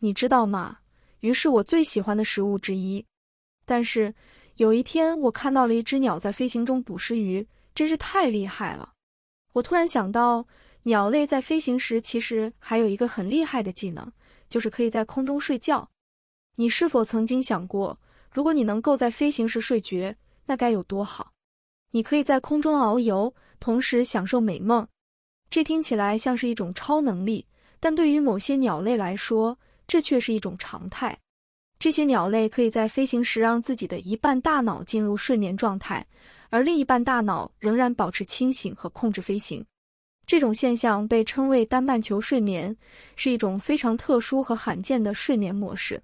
你知道嗎？魚是我最喜歡的食物之一，但是有一天我看到了一隻鳥在飛行中捕食魚，真是太厲害了。我突然想到，鳥類在飛行時其實還有一個很厲害的技能，就是可以在空中睡覺。你是否曾經想過，如果你能夠在飛行時睡覺，那該有多好？你可以在空中遨遊，同時享受美夢。這聽起來像是一種超能力，但對於某些鳥類來說，這卻是一種常態。這些鳥類可以在飛行時讓自己的一半大腦進入睡眠狀態，而另一半大腦仍然保持清醒和控制飛行。這種現象被稱為單半球睡眠，是一種非常特殊和罕見的睡眠模式。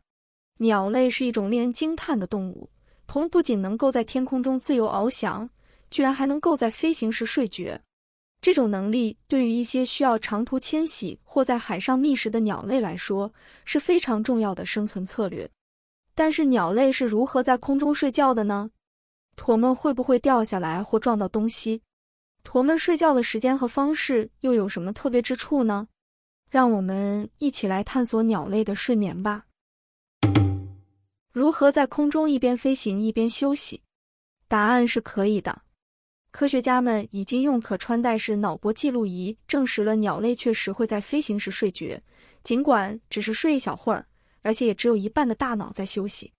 鳥類是一種令人驚嘆的動物，它們不僅能夠在天空中自由翱翔，居然還能夠在飛行時睡覺。這種能力對於一些需要長途遷徙或在海上覓食的鳥類來說是非常重要的生存策略。但是鳥類是如何在空中睡覺的呢？牠們會不會掉下來或撞到東西？牠們睡覺的時間和方式又有什麼特別之處呢？讓我們一起來探索鳥類的睡眠吧。如何在空中一邊飛行一邊休息？答案是可以的。科學家們已經用可穿戴式腦波記錄儀證實了鳥類確實會在飛行時睡覺，儘管只是睡一小會兒，而且也只有一半的大腦在休息。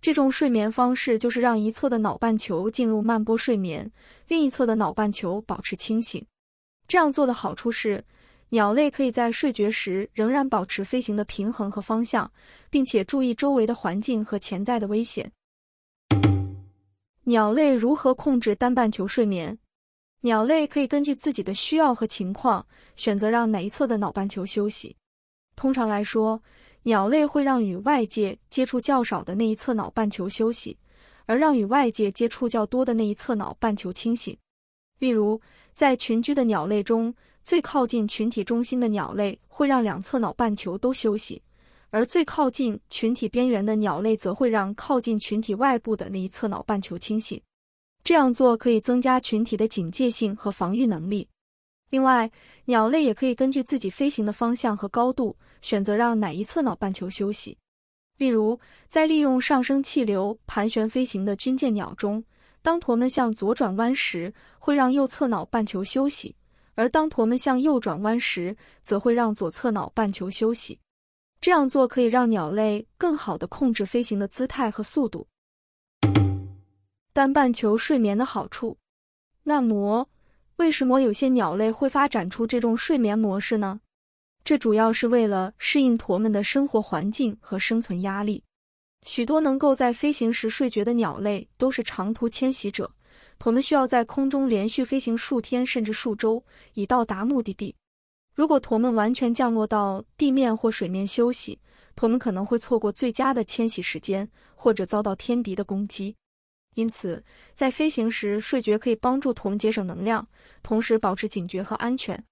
這種睡眠方式就是讓一側的腦半球進入慢波睡眠，另一側的腦半球保持清醒。這樣做的好處是，鳥類可以在睡覺時仍然保持飛行的平衡和方向，並且注意周圍的環境和潛在的危險。鳥類如何控制單半球睡眠？鳥類可以根據自己的需要和情況，選擇讓哪一側的腦半球休息。通常來說，鳥類會讓與外界接觸較少的那一側腦半球休息，而讓與外界接觸較多的那一側腦半球清醒。例如，在群居的鳥類中，最靠近群體中心的鳥類會讓兩側腦半球都休息。而最靠近群體邊緣的鳥類，則會讓靠近群體外部的那一側腦半球清醒。這樣做可以增加群體的警戒性和防禦能力。另外，鳥類也可以根據自己飛行的方向和高度，選擇讓哪一側腦半球休息。例如，在利用上升氣流盤旋飛行的軍艦鳥中，當牠們向左轉彎時，會讓右側腦半球休息；而當牠們向右轉彎時，則會讓左側腦半球休息。這樣做可以讓鳥類更好地控制飛行的姿態和速度。單半球睡眠的好處。那麼，為什麼有些鳥類會發展出這種睡眠模式呢？這主要是為了適應牠們的生活環境和生存壓力。許多能夠在飛行時睡覺的鳥類都是長途遷徙者，牠們需要在空中連續飛行數天甚至數周，以到達目的地。如果牠們完全降落到地面或水面休息，牠們可能會錯過最佳的遷徙時間，或者遭到天敵的攻擊。因此，在飛行時睡覺可以幫助牠們節省能量，同時保持警覺和安全。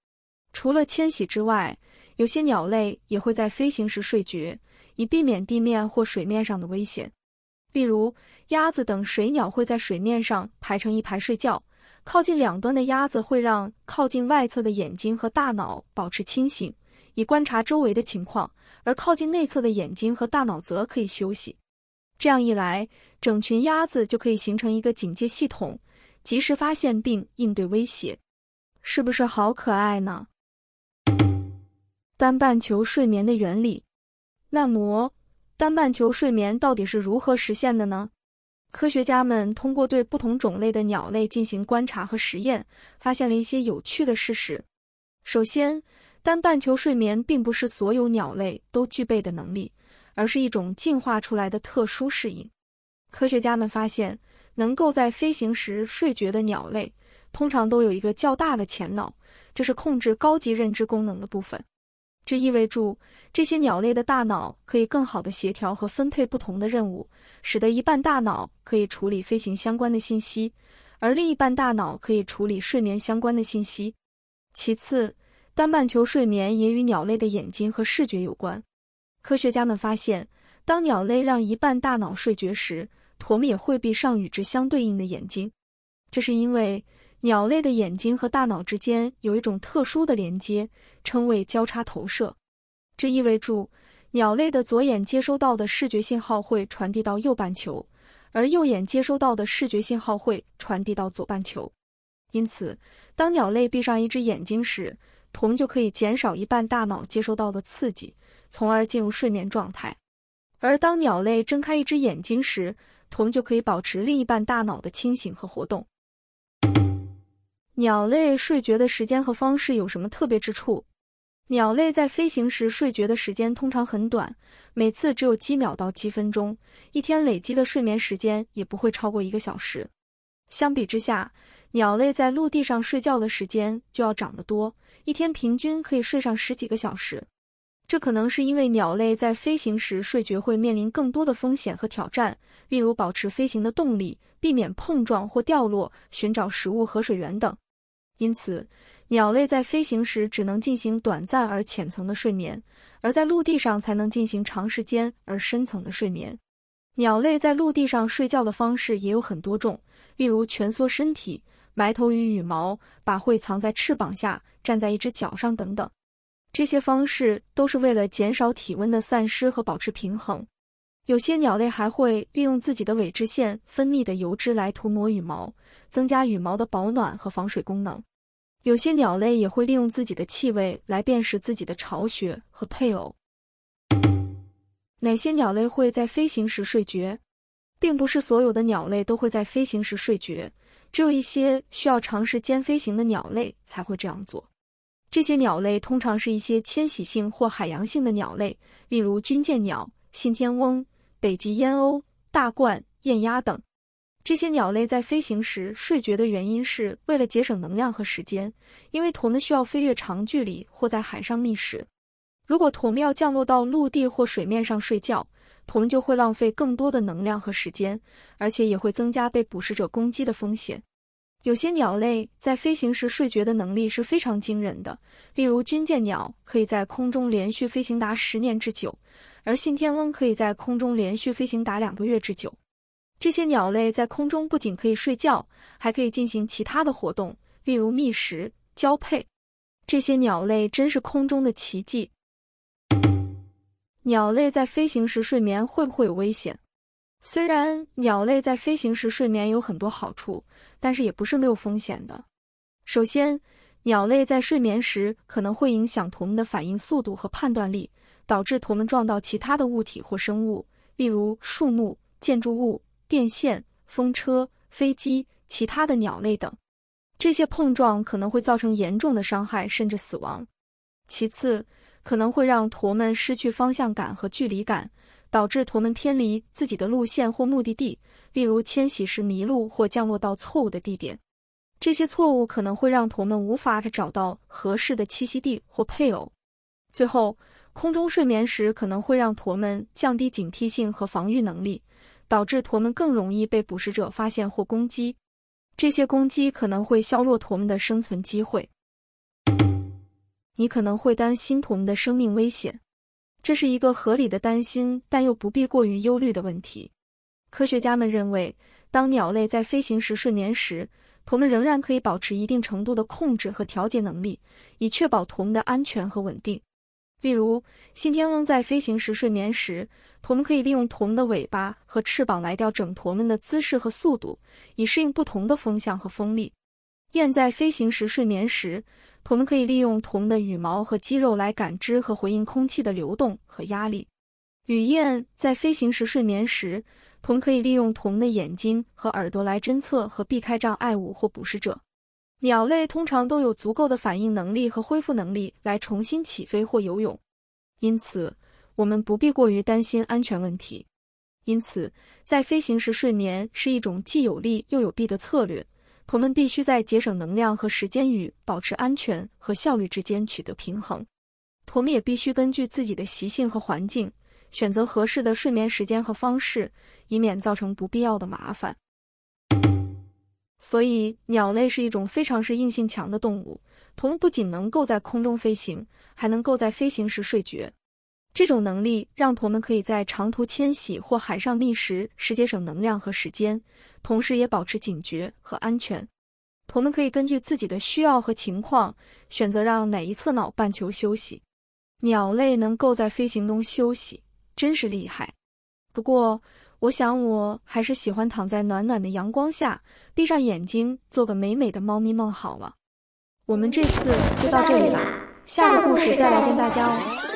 除了遷徙之外，有些鳥類也會在飛行時睡覺，以避免地面或水面上的危險。例如，鴨子等水鳥會在水面上排成一排睡覺。靠近兩端的鴨子會讓靠近外側的眼睛和大腦保持清醒，以觀察周圍的情況，而靠近內側的眼睛和大腦則可以休息。這樣一來，整群鴨子就可以形成一個警戒系統，及時發現並應對威脅。是不是好可愛呢？單半球睡眠的原理。那麼單半球睡眠到底是如何實現的呢？科學家們通過對不同種類的鳥類進行觀察和實驗，發現了一些有趣的事實。首先，單半球睡眠並不是所有鳥類都具備的能力，而是一種進化出來的特殊適應。科學家們發現，能夠在飛行時睡覺的鳥類，通常都有一個較大的前腦，這是控制高級認知功能的部分。這意味着，這些鳥類的大腦可以更好地協調和分配不同的任務，使得一半大腦可以處理飛行相關的信息，而另一半大腦可以處理睡眠相關的信息。其次，單半球睡眠也與鳥類的眼睛和視覺有關。科學家們發現，當鳥類讓一半大腦睡覺時，它們也會閉上與之相對應的眼睛，這是因為，鳥類的眼睛和大腦之間有一種特殊的連接，稱為交叉投射。這意味着鳥類的左眼接收到的視覺信號會傳遞到右半球，而右眼接收到的視覺信號會傳遞到左半球。因此，當鳥類閉上一只眼睛時，瞳就可以減少一半大腦接收到的刺激，從而進入睡眠狀態；而當鳥類睜開一只眼睛時，瞳就可以保持另一半大腦的清醒和活動。鳥類睡覺的時間和方式有什麼特別之處？鳥類在飛行時睡覺的時間通常很短，每次只有幾秒到幾分鐘，一天累積的睡眠時間也不會超過一個小時。相比之下，鳥類在陸地上睡覺的時間就要長得多，一天平均可以睡上十幾個小時。這可能是因為鳥類在飛行時睡覺會面臨更多的風險和挑戰，例如保持飛行的動力、避免碰撞或掉落、尋找食物和水源等。因此，鳥類在飛行時只能進行短暫而淺層的睡眠，而在陸地上才能進行長時間而深層的睡眠。鳥類在陸地上睡覺的方式也有很多種，例如蜷縮身體、埋頭於羽毛、把喙藏在翅膀下、站在一只腳上等等。這些方式都是為了減少體溫的散失和保持平衡。有些鳥類還會利用自己的尾脂腺分泌的油脂來塗抹羽毛，增加羽毛的保暖和防水功能。有些鳥類也會利用自己的氣味來辨識自己的巢穴和配偶。哪些鳥類會在飛行時睡覺？並不是所有的鳥類都會在飛行時睡覺，只有一些需要長時間飛行的鳥類才會這樣做。這些鳥類通常是一些遷徙性或海洋性的鳥類，例如軍艦鳥、信天翁、北極燕鷗、大冠燕鴨等。這些鳥類在飛行時睡覺的原因是為了節省能量和時間，因為它們需要飛越長距離或在海上覓食。如果它們要降落到陸地或水面上睡覺，它們就會浪費更多的能量和時間，而且也會增加被捕食者攻擊的風險。有些鳥類在飛行時睡覺的能力是非常驚人的，例如軍艦鳥可以在空中連續飛行達十年之久，而信天翁可以在空中連續飛行達兩個月之久。這些鳥類在空中不僅可以睡覺，還可以進行其他的活動，例如覓食、交配。這些鳥類真是空中的奇蹟。鳥類在飛行時睡眠會不會有危險？雖然鳥類在飛行時睡眠有很多好處，但是也不是沒有風險的。首先，鳥類在睡眠時可能會影響牠們的反應速度和判斷力，導致牠們撞到其他的物體或生物，例如樹木、建築物、電線、風車、飛機、其他的鳥類等。這些碰撞可能會造成嚴重的傷害甚至死亡。其次，可能會讓牠們失去方向感和距離感。導致牠們偏離自己的路線或目的地，例如遷徙時迷路或降落到錯誤的地點。這些錯誤可能會讓牠們無法找到合適的棲息地或配偶。最後，空中睡眠時可能會讓牠們降低警惕性和防禦能力，導致牠們更容易被捕食者發現或攻擊。這些攻擊可能會削弱牠們的生存機會。你可能會擔心牠們的生命危險。這是一個合理的擔心，但又不必過於憂慮的問題。科學家們認為，當鳥類在飛行時睡眠時，牠們仍然可以保持一定程度的控制和調節能力，以確保牠們的安全和穩定。例如，信天翁在飛行時睡眠時，牠們可以利用牠們的尾巴和翅膀來調整牠們的姿勢和速度，以適應不同的風向和風力。燕在飛行時睡眠時。它們可以利用它們的羽毛和肌肉來感知和回應空氣的流動和壓力。雨燕在飛行時睡眠時，它們可以利用它們的眼睛和耳朵來偵測和避開障礙物或捕食者。鳥類通常都有足夠的反應能力和恢復能力來重新起飛或游泳，因此我們不必過於擔心安全問題。因此，在飛行時睡眠是一種既有利又有弊的策略。我們必須在節省能量和時間與保持安全和效率之間取得平衡。我們也必須根據自己的習性和環境，選擇合適的睡眠時間和方式，以免造成不必要的麻煩。所以，鳥類是一種非常適應性強的動物。它們不僅能夠在空中飛行，還能夠在飛行時睡覺。這種能力讓牠們可以在長途遷徙或海上覓食時節省能量和時間，同時也保持警覺和安全。牠們可以根據自己的需要和情況選擇讓哪一側腦半球休息。鳥類能夠在飛行中休息，真是厲害。不過，我想我還是喜歡躺在暖暖的陽光下，閉上眼睛做個美美的貓咪夢好了。我們這次就到這裡吧，下個故事再來見大家哦。